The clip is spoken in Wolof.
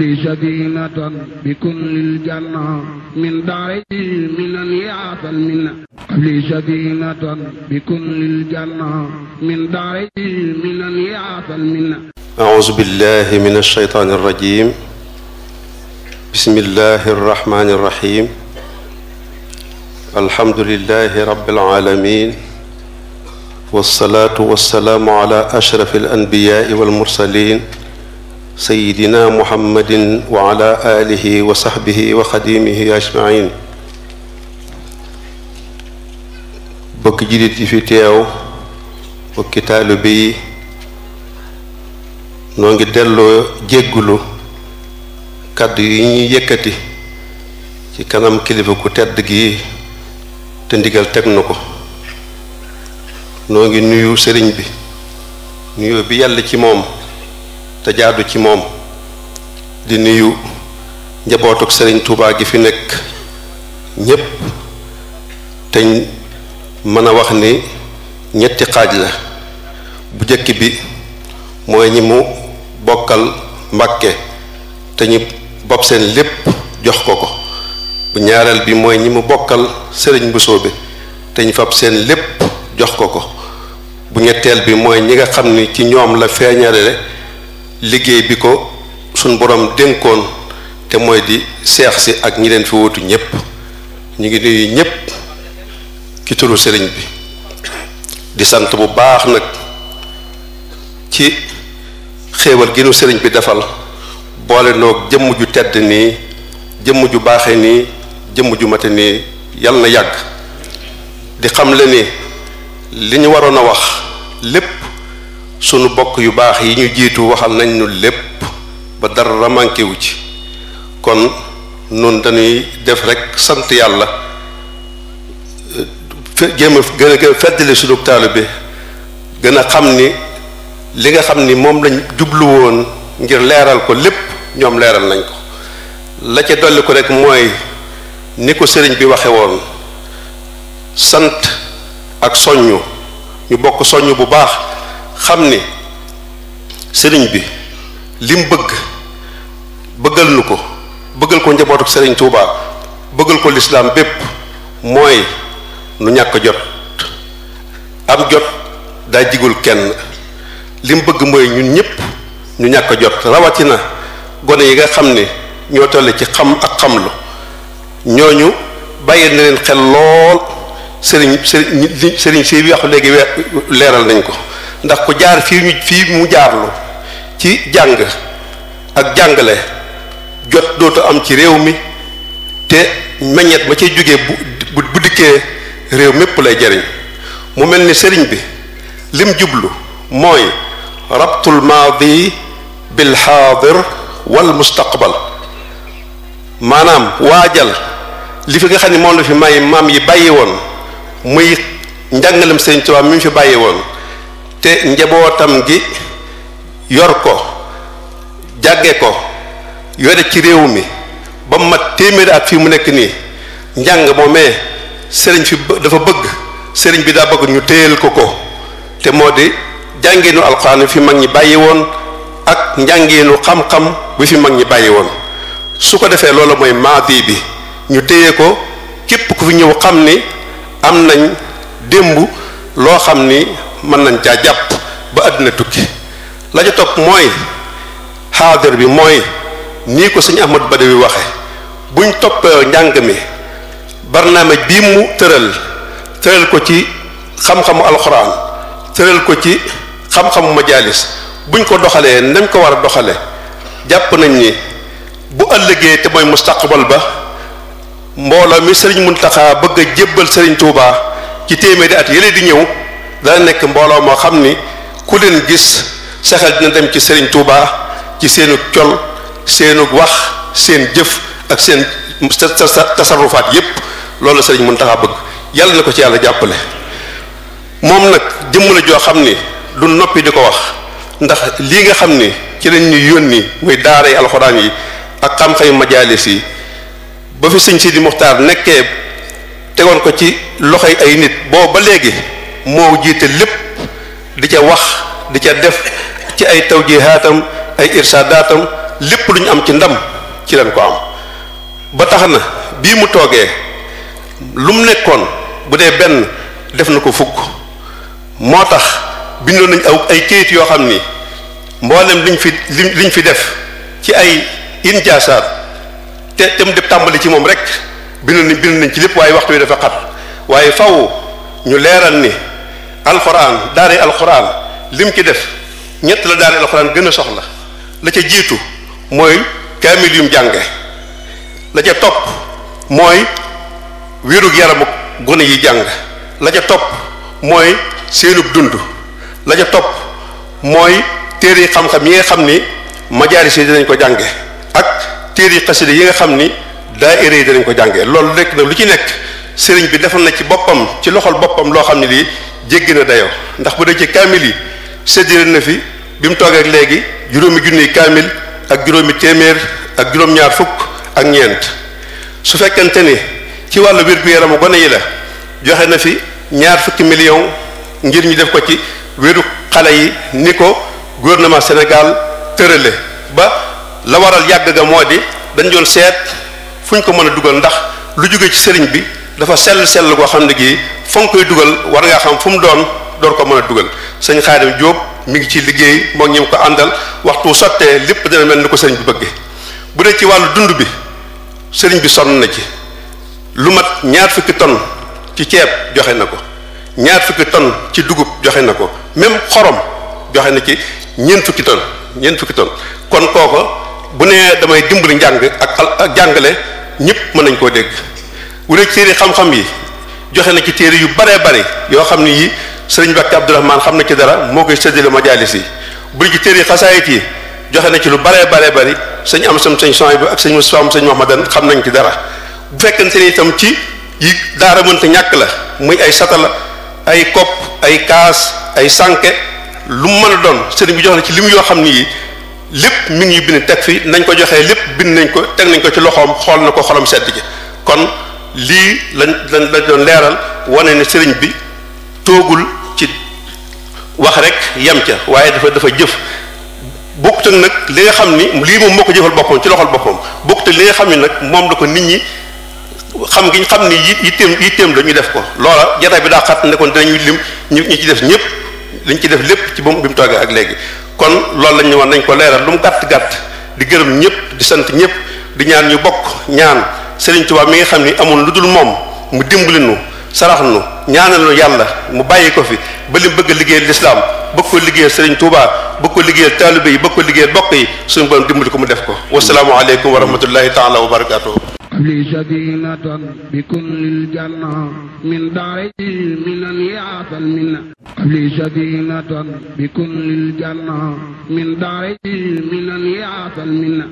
li sadinatan bi kullil janna min daari minan yaatal minna li sadinatan bi kullil janna min daari minan yaatal minna أعوذ بالله من الشيطان الرجيم بسم الله الرحمن الرحيم الحمد لله رب العالمين والصلاة والسلام على أشرف الأنبياء والمرسلين sayidina muhammadin wa ala alihi wa sahbihi wa xadimihi ajmain bokki jullit yi fi teew bokki taalibe yi noo ngi delloo jéggulu kàddu yi ñuy yëkkati ci kanam kilifa ku tedd gi te ndigal teg na ko noo ngi nuyu sëriñ bi nuyoo bi yàlla ci moom te jaadu ci moom di nuyu njabootuk sëriñ Touba gi fi nekk ñépp te mën a wax ni ñetti xaaj la bu jëkk bi mooy ñi mu bokkal Mbàkke te ñu bopp seen lépp jox ko ko bu ñaareel bi mooy ñi mu bokkal sëriñ bu soobe te ñu fab seen lépp jox ko ko bu ñetteel bi mooy ñi nga xam ni ci ñoom la feeñale liggéey bi ko suñ borom dénkoon te mooy di seex si ak ñi leen fi wóotu ñëpp ñu ngi nuyu ñëpp ci turu sëriñ bi di sant bu baax nag ci xéewal gi nu sëriñ bi defal boole noog jëmm ju tedd nii jëmm ju baaxe nii jëmm ju mate nii yal na yàgg di xam le ni li ñu waroon a wax lépp sunu bokk yu baax yi ñu jiitu waxal nañ nu lépp ba dara manqué wu ci kon noonu dañuy def rek sant yàlla jéem a gën a gën a feddali sunu bi gën a xam ni li nga xam ni moom lañ jublu woon ngir leeral ko lépp ñoom leeral nañ ko la ca dolli ko rek mooy ni ko sëriñ bi waxe woon sant ak soññu ñu bokk soññ bu baax xam ni sëriñ bi lim bëgg bëggal nu ko bëggal ko njabootu sëriñ Touba bëggal ko lislaam bépp mooy nu ñàkk jot am jot daa jigul kenn lim bëgg mooy ñun ñëpp ñu ñàkk jot rawatina gone yi nga xam ni ñoo toll ci xam ak xamlu ñooñu bàyyi na leen xel lool sëriñ sëriñ sëriñ si bi wax léegi leeral nañ ko ndax ku jaar fii ñu fii mu jaarlu ci jàng ak jàngale jot dootu am ci réew mi te meññet ma cay jóge bu bu dikkee réew mépp lay jariñ mu mel ni sëriñ bi lim jublu mooy rabtul maadi bil xaadir wal mustaqbal maanaam waajal li fi nga xam ni moom la fi may maam yi bàyyi woon muy njàngalem sëriñ Tuubaa mi mu fi bàyyi woon te njabootam gi yor ko jàgge ko yore ci réew mi ba mat téeméeri at fii mu nekk nii njàng moomee sëriñ fi dafa bëgg sëriñ bi daa bëgg ñu téyel ko ko te moo di njàngeenu alxuraan fi mag ñi bàyyi woon ak njàngeenu xam-xam bu fi mag ñi bàyyi woon su ko defee loolu mooy maadi bi ñu téye ko képp ku fi ñëw xam ni am nañ démb loo xam ni mën nañ caa jàpp ba àddina tukki la ca topp mooy xaadir bi mooy nii ko sëñ Ahmad Badawi waxe buñ toppee njàng mi barnaamaj bii mu tëral tëral ko ci xam-xamu alxuraan tëral ko ci xam-xamu majaalis buñ ko doxalee nañ ko war a doxale jàpp nañ ni bu ëllëgee te mooy mustaqbal ba mbooloo mi sëriñ Muntaxa bëgg a jébbal sëriñ Tuubaa ci téeméeri at yële di ñëw dana nekk mbooloo moo xam ni ku leen gis sa xel dina dem ci sëriñ Touba ci seenu col seenu wax seen jëf ak seen tasarrufaat yépp loolu la mun Muntaxa bëgg yàlla na ko ci yàlla jàppale moom nag jëmm la joo xam ni du noppi di ko wax ndax lii nga xam ni ci lañ ñu yónni muy daara yi alxuraan yi ak xam-xamu majaalis yi ba fi sëñ Sidi Muxtaar nekkee tegoon ko ci loxo yi ay nit boo ba léegi moo jiite lépp di ca wax di ca def ci ay tawjihaatam ay irsaadaatam lépp lu ñu am ci ndam ci lañ ko am ba tax na bii mu toogee lu mu nekkoon bu dee benn def na ko fukk moo tax bindoon nañ aw ay kayit yoo xam ni mboolem liñ fi liñ fi def ci ay injaasaat te te mu def tàmbali ci moom rek bindoon nañ bind nañ ci lépp waaye waxtu wi dafa xat waaye faw ñu leeral ni alxuraan daaree alxuraan lim ci def ñett la daaree alxuraan gën a soxla la ca jiitu mooy kaamil yum jànge la ca topp mooy wérug yaramu gone yi jàng la ca topp mooy seenub dund la ca topp mooy téere yi xam-xam yi nga xam ni majaaris yi dinañ ko jànge ak téere yi xasida yi nga xam ni daayira yi dinañ ko jànge loolu nekk nag lu ci nekk sëriñ bi defal na ci boppam ci loxol boppam loo xam ne lii jéggi na dayoo ndax bu dee ci kaamil yi séddale na fi bi mu toog ak léegi juróomi junniy kaamil ak juróomi téeméer ak juróom-ñaar fukk ak ñeent su fekkente ni ci wàllu wér-gu-yaramu gone yi la joxe na fi ñaar fukki million ngir ñu def ko ci wéru xale yi ni ko gouvernement Sénégal tërale ba la waral yàgg ga moo di dañ doon seet fu ñu ko mën a dugal ndax lu jóge ci sëriñ bi dafa sell sell goo xam ne gii fa nga koy dugal war ngaa xam fu mu doon door ko mën a dugal sëñ Xaadim Jóob mi ngi ci liggéey moo ngi ko àndal waxtu sottee lépp dana mel ni ko sëriñ bi bëggee bu dee ci wàllu dund bi sëriñ bi sonn na ci lu mat ñaar fukki ton ci ceeb joxe na ko ñaar fukki ton ci dugub joxe na ko même xorom joxe na ci ñeent fukki ton ñeent fukki ton kon kooko bu nee damay dimbali njàng ak ak jàngale ñëpp mën nañ koo dégg bu dee ci xam-xam yi joxe na ci téere yu baree bare yoo xam ne yi sëriñ Mbàkke Abdourahmane xam na ci dara moo koy séddale majaalis yi bu ci téere xasaayit yi joxe na ci lu baree baree bari sëñ am sam sëñ bi ak sëñ Mustafaa sëñ Muhammadan xam nañ ci dara bu fekkente ni itam ci yi daara mënta ñàkk la muy ay satala ay kopp ay kaas ay sànke lu mën a doon sëriñ bi jox na ci lim yoo xam ni yi lépp mi ngi bind teg fi nañ ko joxee lépp bind nañ ko teg nañ ko ci loxoom xool na ko xolam sedd ji lii lañ lañ la doon leeral wane ne sëriñ bi toogul ci wax rek yem ca waaye dafa dafa jëf bokkut ak nag li nga xam ni lii moom moo ko jëfal boppam ci loxol boppam bokkut ak li nga xam ni nag moom la ko nit ñi xam ngiñ xam ni yitteem yitteem la ñu def ko loola jataay bi daa xat ne kon dinañu lim ñu ñu ci def ñëpp liñ ci def lépp ci ba bi mu toogee ak léegi kon loolu lañ ñu woon nañ ko leeral lu mu gàtt gàtt di gërëm ñëpp di sant ñëpp di ñaan ñu bokk ñaan Serigne Touba mi nga xam ni amul lu dul moom mu dimbali nu sarax nu ñaanal nu yàlla mu bàyyi ko fi ba li bëgg a liggéeyal lislaam bëgg ko liggéeyal Serigne Touba bëgg ko liggéeyal taalibe yi bëgg ko liggéeyal bokk yi suñu borom dimbali ko mu def ko. wasalaamu aleykum wa rahmatullahi taala wa barakaatuhu. li sadinatan bi kullil janna min daari minan yaatal minna. li sadinatan bi kullil janna min daari minan yaatal minna.